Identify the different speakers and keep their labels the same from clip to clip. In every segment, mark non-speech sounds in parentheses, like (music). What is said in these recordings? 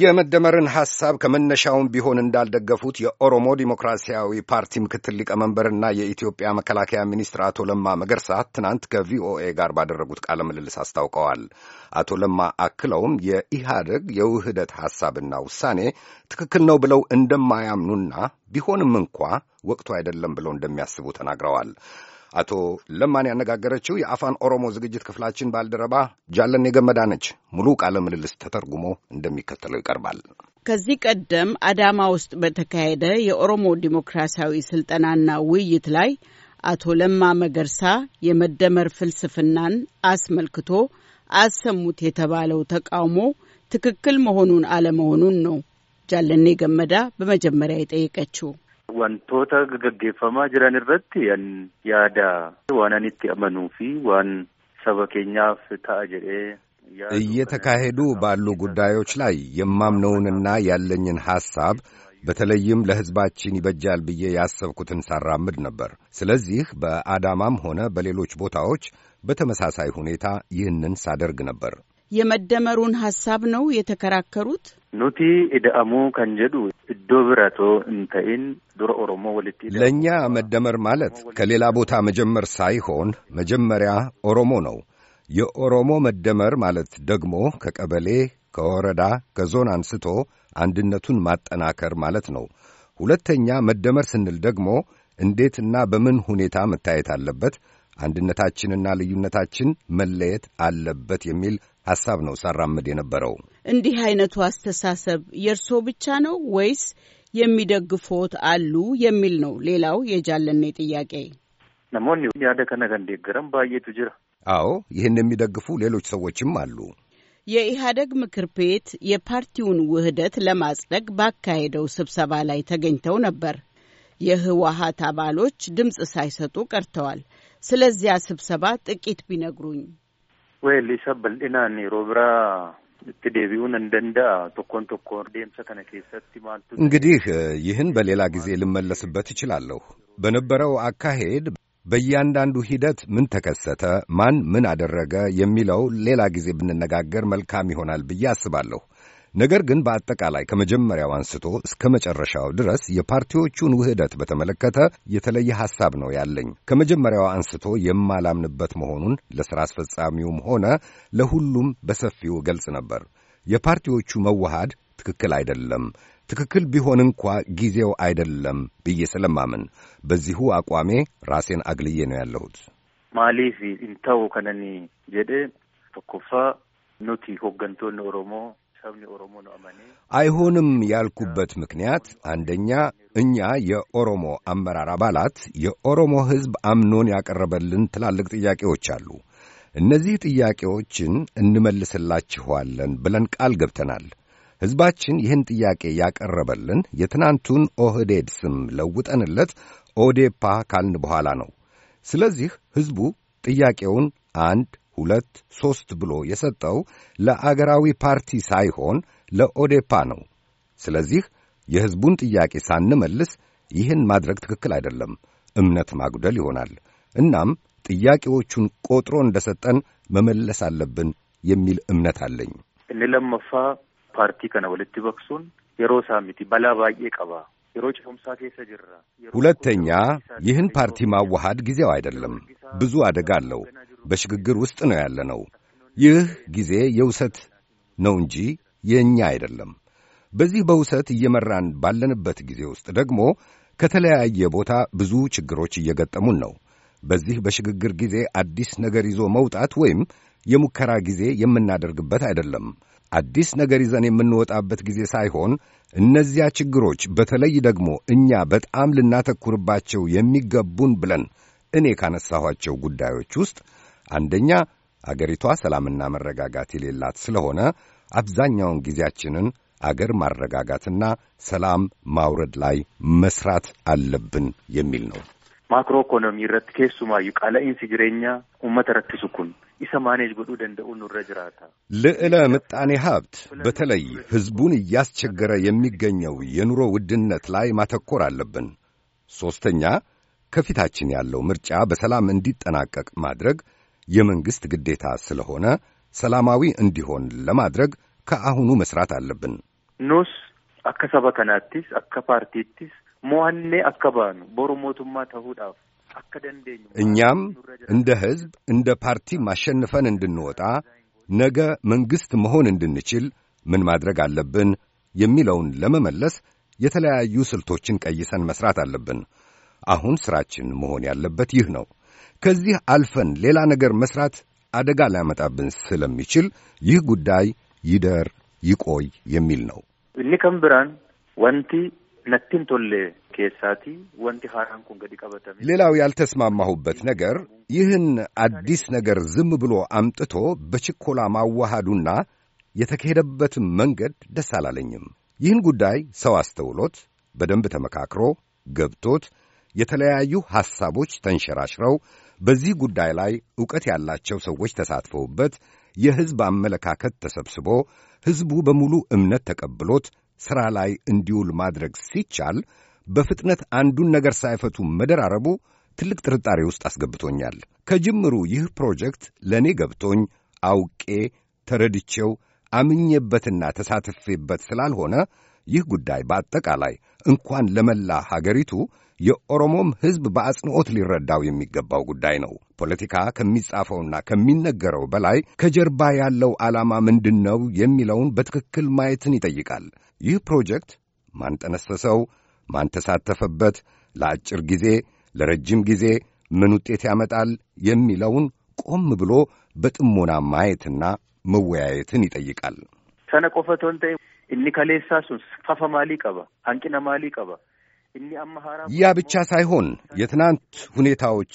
Speaker 1: የመደመርን ሐሳብ ከመነሻውም ቢሆን እንዳልደገፉት የኦሮሞ ዲሞክራሲያዊ ፓርቲ ምክትል ሊቀመንበርና የኢትዮጵያ መከላከያ ሚኒስትር አቶ ለማ መገርሳ ትናንት ከቪኦኤ ጋር ባደረጉት ቃለ ምልልስ አስታውቀዋል። አቶ ለማ አክለውም የኢህአደግ የውህደት ሐሳብና ውሳኔ ትክክል ነው ብለው እንደማያምኑና ቢሆንም እንኳ ወቅቱ አይደለም ብለው እንደሚያስቡ ተናግረዋል። አቶ ለማን ያነጋገረችው የአፋን ኦሮሞ ዝግጅት ክፍላችን ባልደረባ ጃለኔ ገመዳ ነች። ሙሉ ቃለ ምልልስ ተተርጉሞ እንደሚከተለው
Speaker 2: ይቀርባል። ከዚህ ቀደም አዳማ ውስጥ በተካሄደ የኦሮሞ ዲሞክራሲያዊ ስልጠናና ውይይት ላይ አቶ ለማ መገርሳ የመደመር ፍልስፍናን አስመልክቶ አሰሙት የተባለው ተቃውሞ ትክክል መሆኑን አለመሆኑን ነው ጃለኔ ገመዳ በመጀመሪያ የጠየቀችው።
Speaker 3: wantoota gaggeeffamaa jiran irratti yaada waan anitti amanuu fi waan saba keenyaaf ta'a jedhee
Speaker 1: እየተካሄዱ ባሉ ጉዳዮች ላይ የማምነውንና ያለኝን ሐሳብ በተለይም ለሕዝባችን ይበጃል ብዬ ያሰብኩትን ሳራምድ ነበር። ስለዚህ በአዳማም ሆነ በሌሎች ቦታዎች በተመሳሳይ ሁኔታ ይህንን ሳደርግ ነበር።
Speaker 2: የመደመሩን ሀሳብ ነው የተከራከሩት።
Speaker 1: ኑቲ ኢደአሙ ከን ጀዱ እዶ ብረቶ እንተኢን ዱረ ኦሮሞ ወልቲ ለእኛ መደመር ማለት ከሌላ ቦታ መጀመር ሳይሆን መጀመሪያ ኦሮሞ ነው። የኦሮሞ መደመር ማለት ደግሞ ከቀበሌ፣ ከወረዳ፣ ከዞን አንስቶ አንድነቱን ማጠናከር ማለት ነው። ሁለተኛ መደመር ስንል ደግሞ እንዴትና በምን ሁኔታ መታየት አለበት፣ አንድነታችንና ልዩነታችን መለየት አለበት የሚል ሐሳብ ነው ሳራምድ የነበረው።
Speaker 2: እንዲህ አይነቱ አስተሳሰብ የእርሶ ብቻ ነው ወይስ የሚደግፉት አሉ የሚል ነው ሌላው የጃለኔ ጥያቄ።
Speaker 3: ነሞኒ ያደ እንዲገረም ባየቱ ጅራ
Speaker 1: አዎ፣ ይህን የሚደግፉ ሌሎች ሰዎችም አሉ።
Speaker 2: የኢህአደግ ምክር ቤት የፓርቲውን ውህደት ለማጽደቅ ባካሄደው ስብሰባ ላይ ተገኝተው ነበር። የህወሀት አባሎች ድምፅ ሳይሰጡ ቀርተዋል። ስለዚያ ስብሰባ ጥቂት ቢነግሩኝ።
Speaker 3: Weel isa bal'inaan yeroo biraa itti deebi'uun እንደንዳአ tokkoon tokkoon deemsa kana keessatti maaltu
Speaker 1: እንግዲህ ይህን በሌላ ጊዜ ልመለስበት እችላለሁ። በነበረው አካሄድ በእያንዳንዱ ሂደት ምን ተከሰተ፣ ማን ምን አደረገ የሚለው ሌላ ጊዜ ብንነጋገር መልካም ይሆናል ብዬ አስባለሁ። ነገር ግን በአጠቃላይ ከመጀመሪያው አንስቶ እስከ መጨረሻው ድረስ የፓርቲዎቹን ውህደት በተመለከተ የተለየ ሐሳብ ነው ያለኝ። ከመጀመሪያው አንስቶ የማላምንበት መሆኑን ለሥራ አስፈጻሚውም ሆነ ለሁሉም በሰፊው ገልጽ ነበር። የፓርቲዎቹ መዋሃድ ትክክል አይደለም፣ ትክክል ቢሆን እንኳ ጊዜው አይደለም ብዬ ስለማምን በዚሁ አቋሜ ራሴን አግልዬ ነው ያለሁት።
Speaker 3: ማሊፍ እንተው ከነኒ ጀደ ቶኮፋ ኑቲ ሆገንቶን ኦሮሞ
Speaker 1: አይሆንም ያልኩበት ምክንያት አንደኛ እኛ የኦሮሞ አመራር አባላት የኦሮሞ ሕዝብ አምኖን ያቀረበልን ትላልቅ ጥያቄዎች አሉ። እነዚህ ጥያቄዎችን እንመልስላችኋለን ብለን ቃል ገብተናል። ሕዝባችን ይህን ጥያቄ ያቀረበልን የትናንቱን ኦህዴድ ስም ለውጠንለት ኦዴፓ ካልን በኋላ ነው። ስለዚህ ሕዝቡ ጥያቄውን አንድ ሁለት ሦስት ብሎ የሰጠው ለአገራዊ ፓርቲ ሳይሆን ለኦዴፓ ነው። ስለዚህ የሕዝቡን ጥያቄ ሳንመልስ ይህን ማድረግ ትክክል አይደለም፣ እምነት ማጉደል ይሆናል። እናም ጥያቄዎቹን ቆጥሮ እንደ ሰጠን መመለስ አለብን የሚል እምነት አለኝ።
Speaker 3: እንለመፋ ፓርቲ ከነ ወልቲ በክሱን የሮሳ ሚቲ በላ ባዬ ቀባ
Speaker 1: ሁለተኛ፣ ይህን ፓርቲ ማዋሃድ ጊዜው አይደለም። ብዙ አደጋ አለው። በሽግግር ውስጥ ነው ያለነው። ይህ ጊዜ የውሰት ነው እንጂ የእኛ አይደለም። በዚህ በውሰት እየመራን ባለንበት ጊዜ ውስጥ ደግሞ ከተለያየ ቦታ ብዙ ችግሮች እየገጠሙን ነው። በዚህ በሽግግር ጊዜ አዲስ ነገር ይዞ መውጣት ወይም የሙከራ ጊዜ የምናደርግበት አይደለም። አዲስ ነገር ይዘን የምንወጣበት ጊዜ ሳይሆን እነዚያ ችግሮች በተለይ ደግሞ እኛ በጣም ልናተኩርባቸው የሚገቡን ብለን እኔ ካነሳኋቸው ጉዳዮች ውስጥ አንደኛ አገሪቷ ሰላምና መረጋጋት የሌላት ስለሆነ አብዛኛውን ጊዜያችንን አገር ማረጋጋትና ሰላም ማውረድ ላይ መስራት አለብን የሚል ነው።
Speaker 3: ማክሮ ኢኮኖሚ ረት ኬሱማ ዩ ቃለኢንሲ ኡመተ ረክሱ ኩን ኢሰ ማኔጅ ጎዱ ደንደኡ ኑረ ጅራታ
Speaker 1: ልዕለ ምጣኔ ሀብት በተለይ ህዝቡን እያስቸገረ የሚገኘው የኑሮ ውድነት ላይ ማተኮር አለብን። ሶስተኛ ከፊታችን ያለው ምርጫ በሰላም እንዲጠናቀቅ ማድረግ የመንግስት ግዴታ ስለሆነ ሰላማዊ እንዲሆን ለማድረግ ከአሁኑ መስራት አለብን።
Speaker 3: ኑስ አከሰበከናቲስ አከፓርቲቲስ mo'annee አካባቢ ነው በኦሮሞቱማ mootummaa
Speaker 1: እኛም እንደ ሕዝብ እንደ ፓርቲ ማሸንፈን እንድንወጣ ነገ መንግሥት መሆን እንድንችል ምን ማድረግ አለብን የሚለውን ለመመለስ የተለያዩ ስልቶችን ቀይሰን መሥራት አለብን። አሁን ሥራችን መሆን ያለበት ይህ ነው። ከዚህ አልፈን ሌላ ነገር መሥራት አደጋ ሊያመጣብን ስለሚችል ይህ ጉዳይ ይደር ይቆይ የሚል ነው።
Speaker 3: እኒ ብራን ወንቲ ነቲን ቶሌ ኬሳቲ ወንቲ ሃራን ኩን ገዲ ቀበተሚ
Speaker 1: ሌላው ያልተስማማሁበት ነገር ይህን አዲስ ነገር ዝም ብሎ አምጥቶ በችኮላ ማዋሃዱና የተካሄደበትም መንገድ ደስ አላለኝም። ይህን ጉዳይ ሰው አስተውሎት በደንብ ተመካክሮ ገብቶት የተለያዩ ሐሳቦች ተንሸራሽረው በዚህ ጉዳይ ላይ ዕውቀት ያላቸው ሰዎች ተሳትፈውበት የሕዝብ አመለካከት ተሰብስቦ ሕዝቡ በሙሉ እምነት ተቀብሎት ሥራ ላይ እንዲውል ማድረግ ሲቻል በፍጥነት አንዱን ነገር ሳይፈቱ መደራረቡ ትልቅ ጥርጣሬ ውስጥ አስገብቶኛል። ከጅምሩ ይህ ፕሮጀክት ለእኔ ገብቶኝ አውቄ ተረድቼው አምኜበትና ተሳትፌበት ስላልሆነ ይህ ጉዳይ በአጠቃላይ እንኳን ለመላ ሀገሪቱ የኦሮሞም ሕዝብ በአጽንኦት ሊረዳው የሚገባው ጉዳይ ነው። ፖለቲካ ከሚጻፈውና ከሚነገረው በላይ ከጀርባ ያለው ዓላማ ምንድን ነው የሚለውን በትክክል ማየትን ይጠይቃል። ይህ ፕሮጀክት ማን ጠነሰሰው? ማን ተሳተፈበት? ለአጭር ጊዜ፣ ለረጅም ጊዜ ምን ውጤት ያመጣል የሚለውን ቆም ብሎ በጥሞና ማየትና መወያየትን ይጠይቃል።
Speaker 3: ሰነቆፈቶንተ እኒ ከሌሳ ሱስ ማሊ ቀባ አንቂነ ማሊ ቀባ
Speaker 1: ያ ብቻ ሳይሆን የትናንት ሁኔታዎች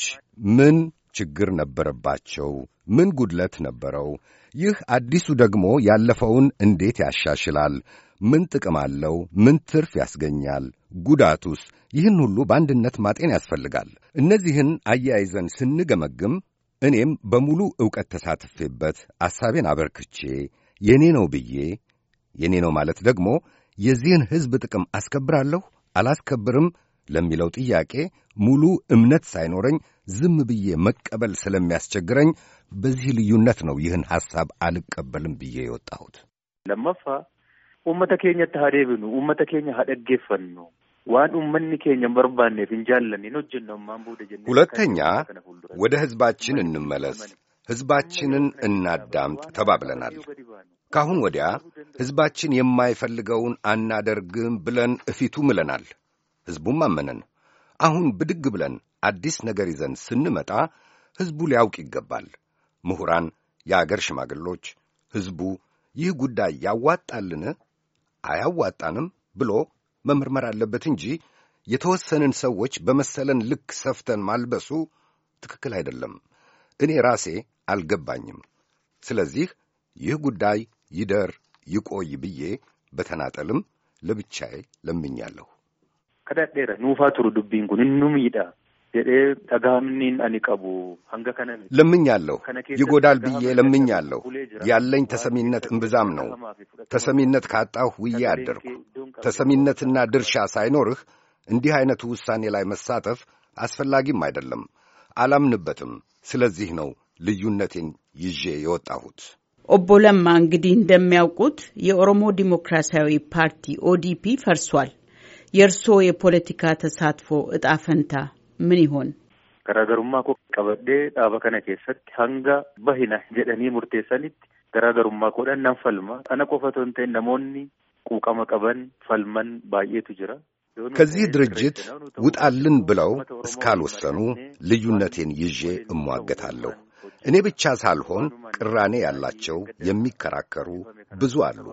Speaker 1: ምን ችግር ነበረባቸው? ምን ጉድለት ነበረው? ይህ አዲሱ ደግሞ ያለፈውን እንዴት ያሻሽላል? ምን ጥቅም አለው? ምን ትርፍ ያስገኛል? ጉዳቱስ? ይህን ሁሉ በአንድነት ማጤን ያስፈልጋል። እነዚህን አያይዘን ስንገመግም እኔም በሙሉ ዕውቀት ተሳትፌበት አሳቤን አበርክቼ የእኔ ነው ብዬ የእኔ ነው ማለት ደግሞ የዚህን ሕዝብ ጥቅም አስከብራለሁ አላስከብርም ለሚለው ጥያቄ ሙሉ እምነት ሳይኖረኝ ዝም ብዬ መቀበል ስለሚያስቸግረኝ በዚህ ልዩነት ነው ይህን ሐሳብ አልቀበልም ብዬ የወጣሁት። ለመፋ ኡመተ
Speaker 3: ኬኛ ታዴብኑ ኡመተ ኬኛ ሀደጌፈኑ ዋን ኡመኒ ኬኛ ፍንጃለን በርባኔፍ እንጃለን
Speaker 1: ሁለተኛ ወደ ሕዝባችን እንመለስ፣ ሕዝባችንን እናዳምጥ ተባብለናል። ካሁን ወዲያ ሕዝባችን የማይፈልገውን አናደርግም ብለን እፊቱ ምለናል። ሕዝቡም አመነን። አሁን ብድግ ብለን አዲስ ነገር ይዘን ስንመጣ ሕዝቡ ሊያውቅ ይገባል። ምሁራን፣ የአገር ሽማግሎች፣ ሕዝቡ ይህ ጉዳይ ያዋጣልን አያዋጣንም ብሎ መመርመር አለበት እንጂ የተወሰንን ሰዎች በመሰለን ልክ ሰፍተን ማልበሱ ትክክል አይደለም። እኔ ራሴ አልገባኝም። ስለዚህ ይህ ጉዳይ ይደር ይቆይ ብዬ በተናጠልም ለብቻዬ ለምኛለሁ።
Speaker 3: ከዳዴረ ኑፋ ቱሩ ዱቢን ኩን ኑምይዳ
Speaker 1: ለምኛለሁ ይጎዳል ብዬ ለምኛለሁ። ያለኝ ተሰሚነት እምብዛም ነው። ተሰሚነት ካጣሁ ውዬ አደርኩ። ተሰሚነትና ድርሻ ሳይኖርህ እንዲህ ዐይነቱ ውሳኔ ላይ መሳተፍ አስፈላጊም አይደለም፣ አላምንበትም። ስለዚህ ነው ልዩነቴን ይዤ የወጣሁት።
Speaker 2: ኦቦ ለማ እንግዲህ እንደሚያውቁት የኦሮሞ ዲሞክራሲያዊ ፓርቲ ኦዲፒ ፈርሷል። የእርስዎ የፖለቲካ ተሳትፎ እጣ ፈንታ ምን ይሆን?
Speaker 3: ገራገሩማ ኮ ቀበዴ ዳባ ከነ ኬሰት ሀንጋ በሂና ጀደኒ ሙርቴሰኒት ገራገሩማ ኮደን ፈልማ አነ ቆፈቶንቴ ነሞኒ ቁቀመ ቀበን ፈልመን ባየቱ ጅራ
Speaker 1: ከዚህ ድርጅት ውጣልን ብለው እስካልወሰኑ ልዩነቴን ይዤ እሟገታለሁ። እኔ ብቻ ሳልሆን ቅራኔ ያላቸው የሚከራከሩ ብዙ አሉ።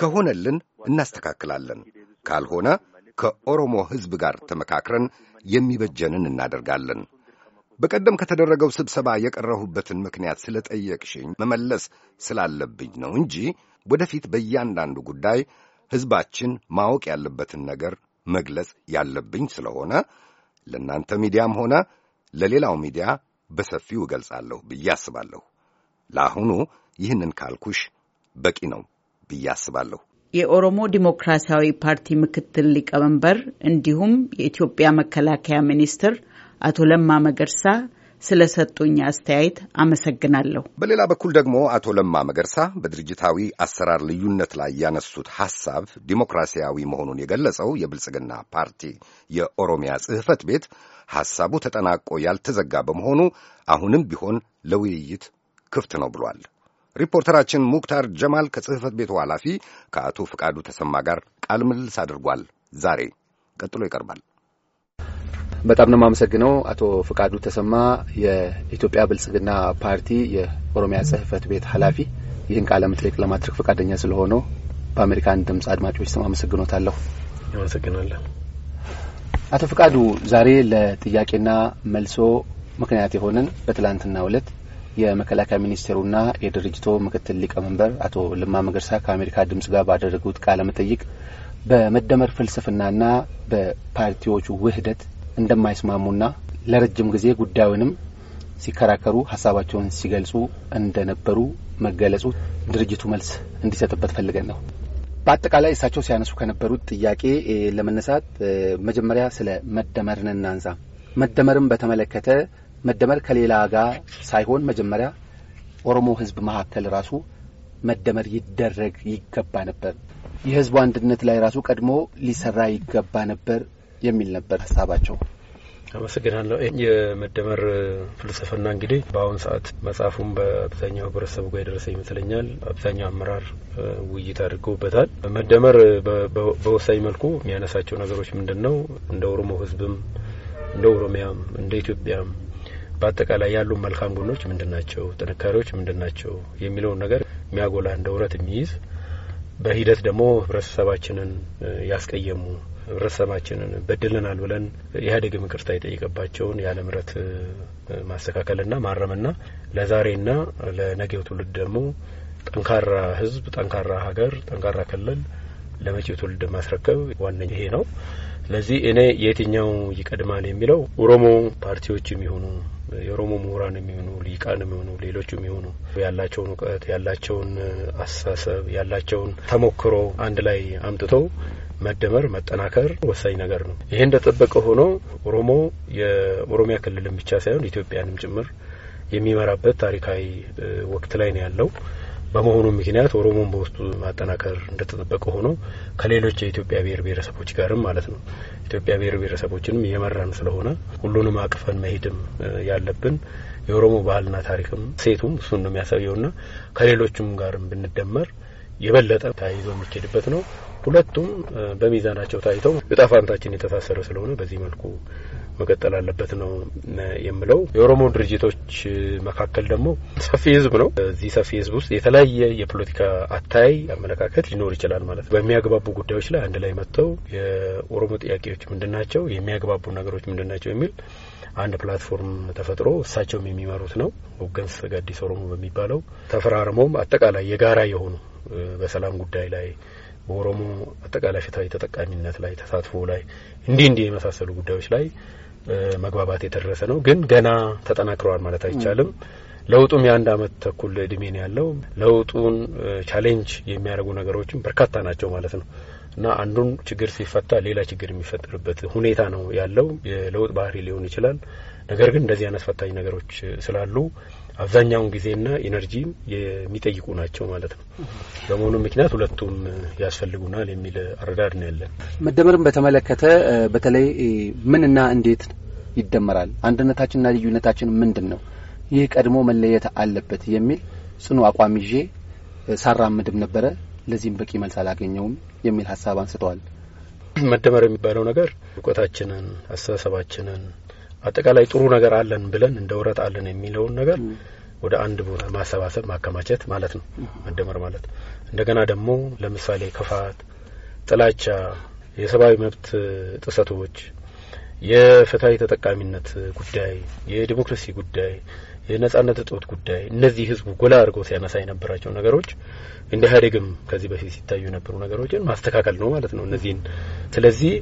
Speaker 1: ከሆነልን እናስተካክላለን፣ ካልሆነ ከኦሮሞ ሕዝብ ጋር ተመካክረን የሚበጀንን እናደርጋለን። በቀደም ከተደረገው ስብሰባ የቀረሁበትን ምክንያት ስለ ጠየቅሽኝ መመለስ ስላለብኝ ነው እንጂ ወደፊት በእያንዳንዱ ጉዳይ ሕዝባችን ማወቅ ያለበትን ነገር መግለጽ ያለብኝ ስለሆነ ለእናንተ ሚዲያም ሆነ ለሌላው ሚዲያ በሰፊው እገልጻለሁ ብዬ አስባለሁ። ለአሁኑ ይህንን ካልኩሽ በቂ ነው ብዬ አስባለሁ።
Speaker 2: የኦሮሞ ዲሞክራሲያዊ ፓርቲ ምክትል ሊቀመንበር እንዲሁም የኢትዮጵያ መከላከያ ሚኒስትር አቶ ለማ መገርሳ ሰጡኝ አስተያየት አመሰግናለሁ።
Speaker 1: በሌላ በኩል ደግሞ አቶ ለማ መገርሳ በድርጅታዊ አሰራር ልዩነት ላይ ያነሱት ሐሳብ ዲሞክራሲያዊ መሆኑን የገለጸው የብልጽግና ፓርቲ የኦሮሚያ ጽሕፈት ቤት ሐሳቡ ተጠናቆ ያልተዘጋ በመሆኑ አሁንም ቢሆን ለውይይት ክፍት ነው ብሏል። ሪፖርተራችን ሙክታር ጀማል ከጽህፈት ቤቱ ኃላፊ ከአቶ ፍቃዱ ተሰማ ጋር ቃል ምልልስ አድርጓል። ዛሬ ቀጥሎ ይቀርባል። በጣም
Speaker 4: ነው የማመሰግነው አቶ ፍቃዱ ተሰማ የኢትዮጵያ ብልጽግና ፓርቲ የኦሮሚያ ጽህፈት ቤት ኃላፊ ይህን ቃለ መጠይቅ ለማድረግ ፈቃደኛ ስለሆነው በአሜሪካን ድምፅ አድማጮች ስም አመሰግኖታለሁ።
Speaker 5: አመሰግናለሁ።
Speaker 4: አቶ ፍቃዱ ዛሬ ለጥያቄና መልሶ ምክንያት የሆነን በትላንትና ዕለት የመከላከያ ሚኒስቴሩና የድርጅቶ ምክትል ሊቀመንበር አቶ ልማ መገርሳ ከአሜሪካ ድምጽ ጋር ባደረጉት ቃለ መጠይቅ በመደመር ፍልስፍናና በፓርቲዎቹ ውህደት እንደማይስማሙና ለረጅም ጊዜ ጉዳዩንም ሲከራከሩ ሀሳባቸውን ሲገልጹ እንደነበሩ መገለጹ ድርጅቱ መልስ እንዲሰጥበት ፈልገን ነው። በአጠቃላይ እሳቸው ሲያነሱ ከነበሩት ጥያቄ ለመነሳት መጀመሪያ ስለ መደመርን እናንሳ። መደመርን በተመለከተ መደመር ከሌላ ጋር ሳይሆን መጀመሪያ ኦሮሞ ሕዝብ መካከል ራሱ መደመር ይደረግ ይገባ ነበር፣ የሕዝቡ አንድነት ላይ ራሱ ቀድሞ ሊሰራ ይገባ ነበር የሚል ነበር ሀሳባቸው።
Speaker 5: አመሰግናለሁ። የመደመር ፍልስፍና እንግዲህ በአሁኑ ሰዓት መጽሐፉም በአብዛኛው ህብረተሰቡ ጋር የደረሰ ይመስለኛል። አብዛኛው አመራር ውይይት አድርገውበታል። መደመር በወሳኝ መልኩ የሚያነሳቸው ነገሮች ምንድን ነው? እንደ ኦሮሞ ህዝብም እንደ ኦሮሚያም እንደ ኢትዮጵያም በአጠቃላይ ያሉ መልካም ጎኖች ምንድን ናቸው፣ ጥንካሬዎች ምንድን ናቸው የሚለውን ነገር የሚያጎላ እንደ ውረት የሚይዝ በሂደት ደግሞ ህብረተሰባችንን ያስቀየሙ ህብረተሰባችንን በድለናል ብለን ኢህአዴግም ይቅርታ የጠየቀባቸውን ያለ ምረት ማስተካከልና ማረምና ለዛሬና ለነገው ትውልድ ደግሞ ጠንካራ ህዝብ፣ ጠንካራ ሀገር፣ ጠንካራ ክልል ለመጪው ትውልድ ማስረከብ ዋነኛ ይሄ ነው። ስለዚህ እኔ የትኛው ይቀድማል የሚለው ኦሮሞ ፓርቲዎች የሚሆኑ የኦሮሞ ምሁራን የሚሆኑ ሊቃን የሚሆኑ ሌሎች የሚሆኑ ያላቸውን እውቀት ያላቸውን አስተሳሰብ ያላቸውን ተሞክሮ አንድ ላይ አምጥተው መደመር መጠናከር ወሳኝ ነገር ነው። ይሄ እንደጠበቀ ሆኖ ኦሮሞ የኦሮሚያ ክልልን ብቻ ሳይሆን ኢትዮጵያንም ጭምር የሚመራበት ታሪካዊ ወቅት ላይ ነው ያለው። በመሆኑ ምክንያት ኦሮሞን በውስጡ ማጠናከር እንደተጠበቀ ሆኖ ከሌሎች የኢትዮጵያ ብሔር ብሔረሰቦች ጋርም ማለት ነው ኢትዮጵያ ብሔር ብሔረሰቦችንም እየመራን ስለሆነ ሁሉንም አቅፈን መሄድም ያለብን የኦሮሞ ባህልና ታሪክም ሴቱም እሱን ነው የሚያሳየውና ከሌሎችም ጋርም ብንደመር የበለጠ ተያይዞ የሚኬድበት ነው። ሁለቱም በሚዛናቸው ታይተው እጣ ፋንታችን የተሳሰረ ስለሆነ በዚህ መልኩ መቀጠል አለበት ነው የምለው። የኦሮሞ ድርጅቶች መካከል ደግሞ ሰፊ ህዝብ ነው። እዚህ ሰፊ ህዝብ ውስጥ የተለያየ የፖለቲካ አታይ አመለካከት ሊኖር ይችላል ማለት ነው። በሚያግባቡ ጉዳዮች ላይ አንድ ላይ መጥተው የኦሮሞ ጥያቄዎች ምንድን ናቸው፣ የሚያግባቡ ነገሮች ምንድን ናቸው የሚል አንድ ፕላትፎርም ተፈጥሮ እሳቸውም የሚመሩት ነው ወገንስ ጋዲስ ኦሮሞ በሚባለው
Speaker 2: ተፈራርሞም አጠቃላይ የጋራ የሆኑ
Speaker 5: በሰላም ጉዳይ ላይ በኦሮሞ አጠቃላይ ፍትሐዊ ተጠቃሚነት ላይ ተሳትፎ ላይ እንዲህ እንዲህ የመሳሰሉ ጉዳዮች ላይ መግባባት የተደረሰ ነው። ግን ገና ተጠናክረዋል ማለት አይቻልም። ለውጡም የአንድ አመት ተኩል እድሜን ያለው ለውጡን ቻሌንጅ የሚያደርጉ ነገሮችም በርካታ ናቸው ማለት ነው እና አንዱን ችግር ሲፈታ ሌላ ችግር የሚፈጠርበት ሁኔታ ነው ያለው። የለውጥ ባህሪ ሊሆን ይችላል። ነገር ግን እንደዚህ አይነት ፈታኝ ነገሮች ስላሉ አብዛኛውን ጊዜና ኢነርጂም የሚጠይቁ ናቸው ማለት ነው። በመሆኑ ምክንያት ሁለቱም ያስፈልጉናል የሚል አረዳድ ነው ያለን።
Speaker 4: መደመርን በተመለከተ በተለይ ምንና እንዴት ይደመራል? አንድነታችንና ልዩነታችን ምንድን ነው? ይህ ቀድሞ መለየት አለበት የሚል ጽኑ አቋም ይዤ ሳራምድም ነበረ። ለዚህም በቂ መልስ አላገኘውም የሚል ሀሳብ አንስተዋል።
Speaker 5: መደመር የሚባለው ነገር እውቀታችንን፣
Speaker 4: አስተሳሰባችንን
Speaker 5: አጠቃላይ ጥሩ ነገር አለን ብለን እንደ ውረት አለን የሚለውን ነገር ወደ አንድ ቦታ ማሰባሰብ ማከማቸት ማለት ነው፣ መደመር ማለት ነው። እንደገና ደግሞ ለምሳሌ ክፋት፣ ጥላቻ፣ የሰብአዊ መብት ጥሰቶች፣ የፍትሀዊ ተጠቃሚነት ጉዳይ፣ የዲሞክራሲ ጉዳይ የነጻነት እጦት ጉዳይ፣ እነዚህ ህዝቡ ጎላ አድርጎ ሲያነሳ የነበራቸው ነገሮች እንደ ኢህአዴግም ከዚህ በፊት ሲታዩ የነበሩ ነገሮችን ማስተካከል ነው ማለት ነው እነዚህን። ስለዚህ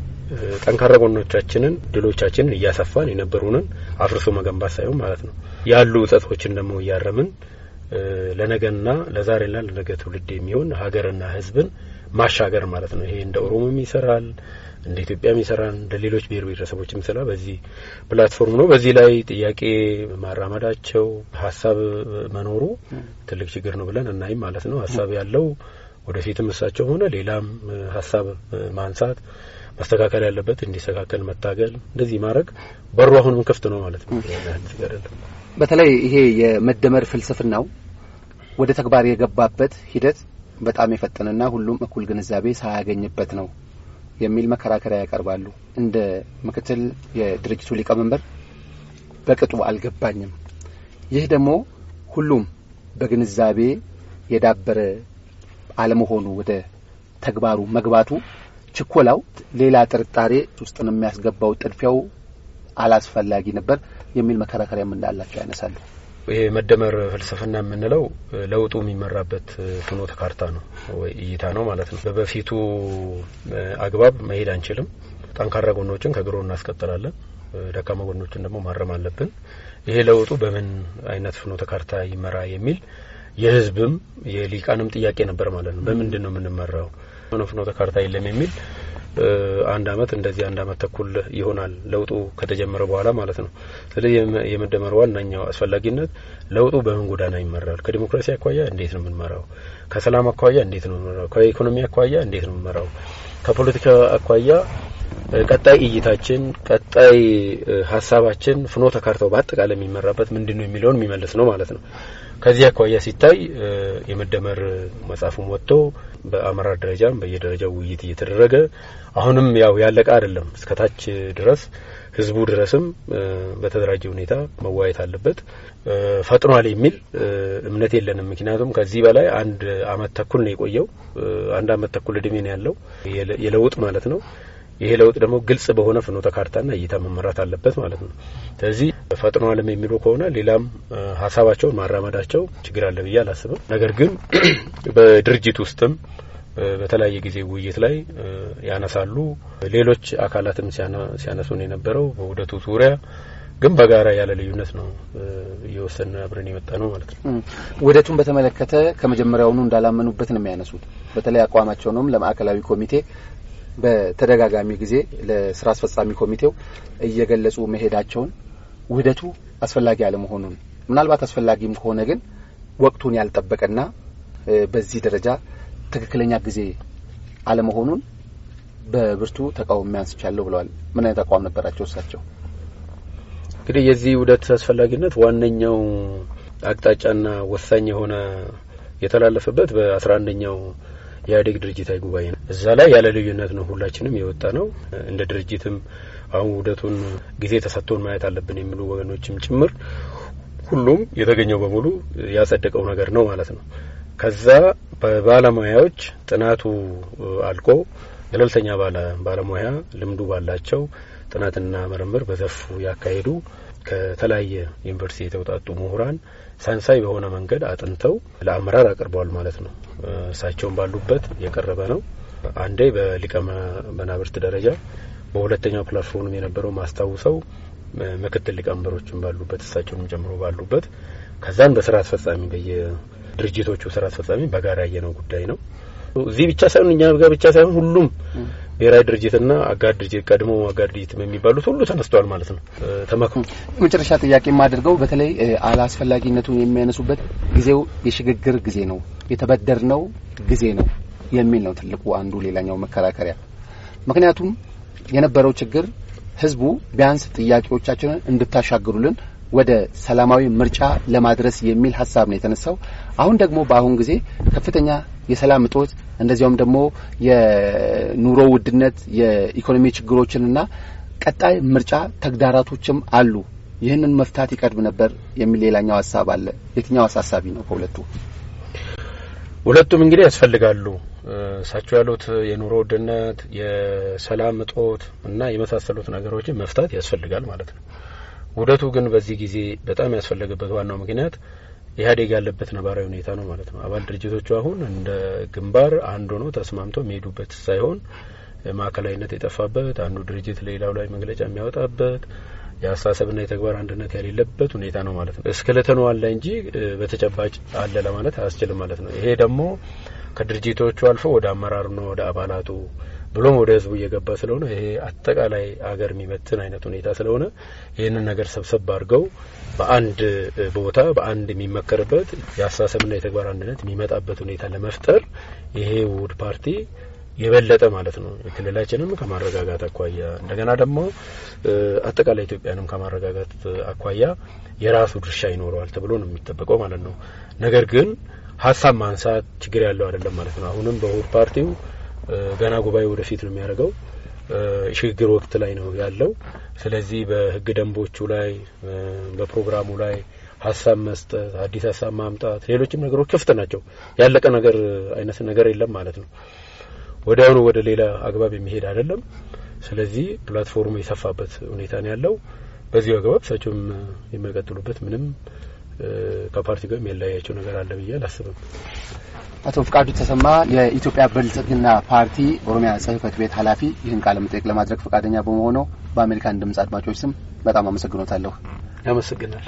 Speaker 5: ጠንካራ ጎኖቻችንን፣ ድሎቻችንን እያሰፋን የነበሩንን አፍርሶ መገንባት ሳይሆን ማለት ነው ያሉ እጸቶችን ደግሞ እያረምን ለነገና ለዛሬና ለነገ ትውልድ የሚሆን ሀገርና ህዝብን ማሻገር ማለት ነው። ይሄ እንደ ኦሮሞም ይሰራል፣ እንደ ኢትዮጵያም ይሰራል፣ እንደ ሌሎች ብሔር ብሔረሰቦችም ይሰራል። በዚህ ፕላትፎርም ነው። በዚህ ላይ ጥያቄ ማራመዳቸው ሀሳብ መኖሩ ትልቅ ችግር ነው ብለን እናይም ማለት ነው። ሀሳብ ያለው ወደፊትም እሳቸው ሆነ ሌላም ሀሳብ ማንሳት መስተካከል ያለበት እንዲስተካከል መታገል እንደዚህ ማድረግ በሩ
Speaker 4: አሁንም ክፍት ነው ማለት ነው። በተለይ ይሄ የመደመር ፍልስፍናው ወደ ተግባር የገባበት ሂደት በጣም የፈጠነና ሁሉም እኩል ግንዛቤ ሳያገኝበት ነው የሚል መከራከሪያ ያቀርባሉ። እንደ ምክትል የድርጅቱ ሊቀመንበር በቅጡ አልገባኝም። ይህ ደግሞ ሁሉም በግንዛቤ የዳበረ አለመሆኑ ወደ ተግባሩ መግባቱ ችኮላው ሌላ ጥርጣሬ ውስጥን የሚያስገባው ጥድፊያው አላስፈላጊ ነበር የሚል መከራከሪያም እንዳላቸው ያነሳሉ።
Speaker 5: ይሄ መደመር ፍልስፍና የምንለው ለውጡ የሚመራበት ፍኖተ ካርታ ነው ወይ እይታ ነው ማለት ነው። በበፊቱ አግባብ መሄድ አንችልም። ጠንካራ ጎኖችን ከግሮ እናስቀጥላለን፣ ደካማ ጎኖችን ደግሞ ማረም አለብን። ይሄ ለውጡ በምን አይነት ፍኖተ ካርታ ይመራ የሚል የህዝብም የሊቃንም ጥያቄ ነበር ማለት ነው። በምንድን ነው የምንመራው? ፍኖተ ካርታ የለም የሚል አንድ አመት እንደዚህ አንድ አመት ተኩል ይሆናል ለውጡ ከተጀመረ በኋላ ማለት ነው። ስለዚህ የመደመር ዋናኛው አስፈላጊነት ለውጡ በምን ጎዳና ይመራል፣ ከዲሞክራሲ አኳያ እንዴት ነው የምንመራው፣ ከሰላም አኳያ እንዴት ነው የምንመራው፣ ከኢኮኖሚ አኳያ እንዴት ነው የምንመራው፣ ከፖለቲካ አኳያ ቀጣይ እይታችን ቀጣይ ሀሳባችን ፍኖ ተካርተው በአጠቃላይ የሚመራበት ምንድን ነው የሚለውን የሚመልስ ነው ማለት ነው። ከዚህ አኳያ ሲታይ የመደመር መጽሐፉም ወጥቶ በአመራር ደረጃም በየደረጃው ውይይት እየተደረገ አሁንም ያው ያለቀ አይደለም። እስከታች ድረስ ህዝቡ ድረስም በተደራጀ ሁኔታ መዋየት አለበት። ፈጥኗል የሚል እምነት የለንም። ምክንያቱም ከዚህ በላይ አንድ አመት ተኩል ነው የቆየው። አንድ አመት ተኩል እድሜ ነው ያለው የለውጥ ማለት ነው። ይሄ ለውጥ ደግሞ ግልጽ በሆነ ፍኖተ ካርታና እይታ መመራት አለበት ማለት ነው። ስለዚህ ፈጥኖ አለም የሚሉ ከሆነ ሌላም ሀሳባቸውን ማራመዳቸው ችግር አለ ብዬ አላስብም። ነገር ግን (clears throat) በድርጅት ውስጥም በተለያየ ጊዜ ውይይት ላይ ያነሳሉ። ሌሎች አካላትም ሲያነሱን የነበረው በውህደቱ ዙሪያ ግን በጋራ ያለ ልዩነት ነው እየወሰን አብረን የመጣ ነው ማለት
Speaker 4: ነው። ውህደቱን በተመለከተ ከመጀመሪያውኑ እንዳላመኑበት ነው የሚያነሱት። በተለይ አቋማቸውንም ለማዕከላዊ ኮሚቴ በተደጋጋሚ ጊዜ ለስራ አስፈጻሚ ኮሚቴው እየገለጹ መሄዳቸውን ውህደቱ አስፈላጊ አለመሆኑን ምናልባት አስፈላጊም ከሆነ ግን ወቅቱን ያልጠበቀና በዚህ ደረጃ ትክክለኛ ጊዜ አለመሆኑን በብርቱ ተቃውሞ አንስቻለሁ ብለዋል። ምን አይነት አቋም ነበራቸው እሳቸው?
Speaker 5: እንግዲህ የዚህ ውህደት አስፈላጊነት ዋነኛው አቅጣጫና ወሳኝ የሆነ የተላለፈበት በአስራ አንደኛው የኢህአዴግ ድርጅታዊ ጉባኤ ነው። እዛ ላይ ያለ ልዩነት ነው ሁላችንም የወጣ ነው። እንደ ድርጅትም አሁን ውህደቱን ጊዜ ተሰጥቶን ማየት አለብን የሚሉ ወገኖችም ጭምር ሁሉም የተገኘው በሙሉ ያጸደቀው ነገር ነው ማለት ነው። ከዛ በባለሙያዎች ጥናቱ አልቆ ገለልተኛ ባለሙያ ልምዱ ባላቸው ጥናትና ምርምር በዘርፉ ያካሄዱ ከተለያየ ዩኒቨርሲቲ የተውጣጡ ምሁራን ሳይንሳዊ በሆነ መንገድ አጥንተው ለአመራር አቅርበዋል ማለት ነው። እሳቸውን ባሉበት የቀረበ ነው። አንዴ በሊቀ መናብርት ደረጃ፣ በሁለተኛው ፕላትፎርም የነበረው ማስታውሰው ምክትል ሊቀመንበሮችን ባሉበት እሳቸውንም ጨምሮ ባሉበት፣ ከዛን በስራ አስፈጻሚ በየድርጅቶቹ ስራ አስፈጻሚ በጋራ ያየነው ጉዳይ ነው። እዚህ ብቻ ሳይሆን እኛ ጋር ብቻ ሳይሆን ሁሉም ብሔራዊ ድርጅትና አጋር ድርጅት ቀድሞ አጋር ድርጅት የሚባሉት ሁሉ ተነስተዋል ማለት ነው።
Speaker 4: ተመክሮ የመጨረሻ ጥያቄ የማደርገው በተለይ አላስፈላጊነቱን የሚያነሱበት ጊዜው የሽግግር ጊዜ ነው፣ የተበደርነው ጊዜ ነው የሚል ነው ትልቁ አንዱ ሌላኛው መከራከሪያ። ምክንያቱም የነበረው ችግር ህዝቡ ቢያንስ ጥያቄዎቻችንን እንድታሻግሩልን ወደ ሰላማዊ ምርጫ ለማድረስ የሚል ሀሳብ ነው የተነሳው። አሁን ደግሞ በአሁን ጊዜ ከፍተኛ የሰላም እጦት እንደዚያውም ደግሞ የኑሮ ውድነት የኢኮኖሚ ችግሮችንና ቀጣይ ምርጫ ተግዳራቶችም አሉ። ይህንን መፍታት ይቀድም ነበር የሚል ሌላኛው ሀሳብ አለ። የትኛው አሳሳቢ ነው? ከሁለቱ ሁለቱም እንግዲህ
Speaker 5: ያስፈልጋሉ። እሳቸው ያሉት የኑሮ ውድነት፣ የሰላም እጦት እና የመሳሰሉት ነገሮችን መፍታት ያስፈልጋል ማለት ነው። ውህደቱ ግን በዚህ ጊዜ በጣም ያስፈለገበት ዋናው ምክንያት ኢህአዴግ ያለበት ነባራዊ ሁኔታ ነው ማለት ነው። አባል ድርጅቶቹ አሁን እንደ ግንባር አንድ ሆኖ ተስማምቶ የሚሄዱበት ሳይሆን ማዕከላዊነት የጠፋበት አንዱ ድርጅት ሌላው ላይ መግለጫ የሚያወጣበት የአስተሳሰብና የተግባር አንድነት የሌለበት ሁኔታ ነው ማለት ነው። እስክለተኑ አለ እንጂ በተጨባጭ አለ ለማለት አያስችልም ማለት ነው። ይሄ ደግሞ ከድርጅቶቹ አልፎ ወደ አመራሩና ወደ አባላቱ ብሎም ወደ ህዝቡ እየገባ ስለሆነ ይሄ አጠቃላይ አገር የሚመትን አይነት ሁኔታ ስለሆነ ይህንን ነገር ሰብሰብ አድርገው በአንድ ቦታ በአንድ የሚመከርበት የአስተሳሰብና የተግባር አንድነት የሚመጣበት ሁኔታ ለመፍጠር ይሄ ውድ ፓርቲ የበለጠ ማለት ነው ክልላችንም ከማረጋጋት አኳያ እንደገና ደግሞ አጠቃላይ ኢትዮጵያንም ከማረጋጋት አኳያ የራሱ ድርሻ ይኖረዋል ተብሎ ነው የሚጠበቀው ማለት ነው። ነገር ግን ሀሳብ ማንሳት ችግር ያለው አይደለም ማለት ነው። አሁንም በውድ ፓርቲው ገና ጉባኤ ወደፊት ነው የሚያደርገው ሽግግር ወቅት ላይ ነው ያለው። ስለዚህ በህግ ደንቦቹ ላይ በፕሮግራሙ ላይ ሀሳብ መስጠት፣ አዲስ ሀሳብ ማምጣት፣ ሌሎችም ነገሮች ክፍት ናቸው። ያለቀ ነገር አይነት ነገር የለም ማለት ነው። ወዲያውኑ ወደ ሌላ አግባብ የሚሄድ አይደለም። ስለዚህ ፕላትፎርሙ የሰፋበት ሁኔታ ነው ያለው። በዚሁ አግባብ እሳቸውም የሚቀጥሉበት ምንም ከፓርቲ ጋር የሚለያያቸው ነገር አለ ብዬ አላስብም።
Speaker 4: አቶ ፍቃዱ ተሰማ የኢትዮጵያ ብልጽግና ፓርቲ ኦሮሚያ ጽህፈት ቤት ኃላፊ ይህን ቃለ መጠየቅ ለማድረግ ፈቃደኛ በመሆኑ በአሜሪካን ድምፅ አድማጮች ስም በጣም አመሰግኖታለሁ። ያመሰግናል።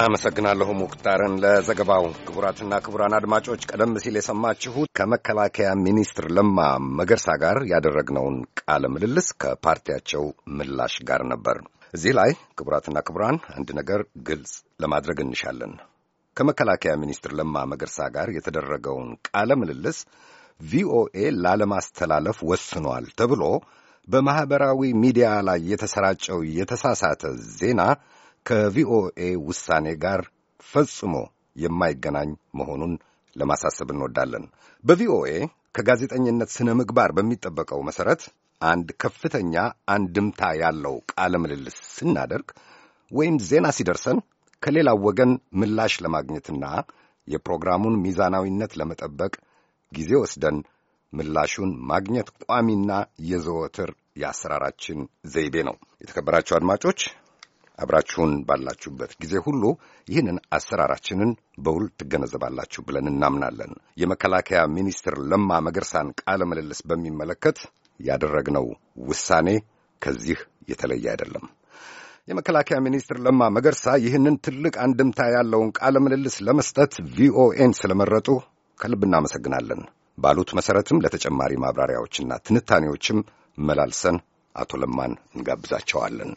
Speaker 1: አመሰግናለሁ ሙክታርን ለዘገባው። ክቡራትና ክቡራን አድማጮች ቀደም ሲል የሰማችሁት ከመከላከያ ሚኒስትር ለማ መገርሳ ጋር ያደረግነውን ቃለ ምልልስ ከፓርቲያቸው ምላሽ ጋር ነበር። እዚህ ላይ ክቡራትና ክቡራን አንድ ነገር ግልጽ ለማድረግ እንሻለን። ከመከላከያ ሚኒስትር ለማ መገርሳ ጋር የተደረገውን ቃለ ምልልስ ቪኦኤ ላለማስተላለፍ ወስኗል ተብሎ በማኅበራዊ ሚዲያ ላይ የተሰራጨው የተሳሳተ ዜና ከቪኦኤ ውሳኔ ጋር ፈጽሞ የማይገናኝ መሆኑን ለማሳሰብ እንወዳለን። በቪኦኤ ከጋዜጠኝነት ስነ ምግባር በሚጠበቀው መሠረት አንድ ከፍተኛ አንድምታ ያለው ቃለ ምልልስ ስናደርግ ወይም ዜና ሲደርሰን ከሌላው ወገን ምላሽ ለማግኘትና የፕሮግራሙን ሚዛናዊነት ለመጠበቅ ጊዜ ወስደን ምላሹን ማግኘት ቋሚና የዘወትር የአሰራራችን ዘይቤ ነው። የተከበራችሁ አድማጮች አብራችሁን ባላችሁበት ጊዜ ሁሉ ይህንን አሰራራችንን በውል ትገነዘባላችሁ ብለን እናምናለን። የመከላከያ ሚኒስትር ለማ መገርሳን ቃለ ምልልስ በሚመለከት ያደረግነው ውሳኔ ከዚህ የተለየ አይደለም። የመከላከያ ሚኒስትር ለማ መገርሳ ይህንን ትልቅ አንድምታ ያለውን ቃለ ምልልስ ለመስጠት ቪኦኤን ስለመረጡ ከልብ እናመሰግናለን። ባሉት መሠረትም ለተጨማሪ ማብራሪያዎችና ትንታኔዎችም መላልሰን አቶ ለማን እንጋብዛቸዋለን።